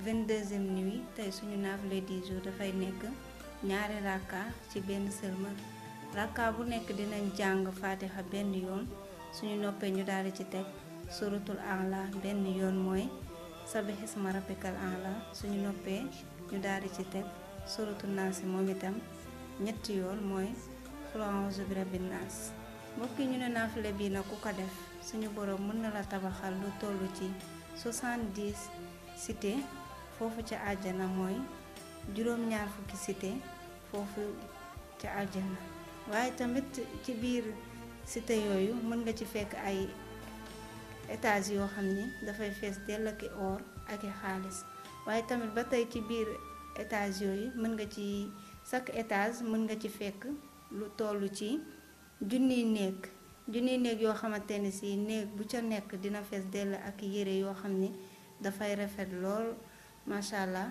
22e nuit tey suñu naafile 10 jours dafay nekk ñaari rakka ci benn sëlmal rakka bu nekk dinañ jàng fatiha benn yoon suñu noppee ñu daal di ci teg suratul anla benn yoon mooy sabihisma rabbikal anla suñu noppee ñu daal di ci teg suratul naasi moom itam ñetti yoon mooy qul a'uuzu bi rabbin naas mbokk ñu ne naafile bii nag ku ko def suñu borom mën na la tabaxal lu toll ci 70 cité foofu ca àjjana mooy juróom-ñaar fukki cité foofu ca àjjana waaye tamit ci biir cité yooyu mën nga ci fekk ay étages yoo xam ni dafay fees dell ak or ak i xaalis waaye tamit ba tey ci biir étages yooyu mën nga ci chaque étage mën nga ci fekk lu toll ci junniy néeg junniy néeg yoo xamante ne si néeg bu ca nekk dina fees dell ak yére yoo xam ni dafay rafet lool macha allah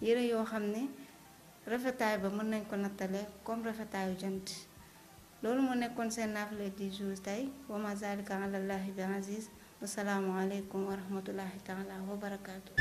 yére yoo xam ne rafetaay ba mën nañ ko nattale comme rafetaayu jant loolu moo nekkoon seen naafila di jours tey wa ma zalika alallahi bi aziz wasalaamualeykum wa rahmatullahi taala wa barakaatu.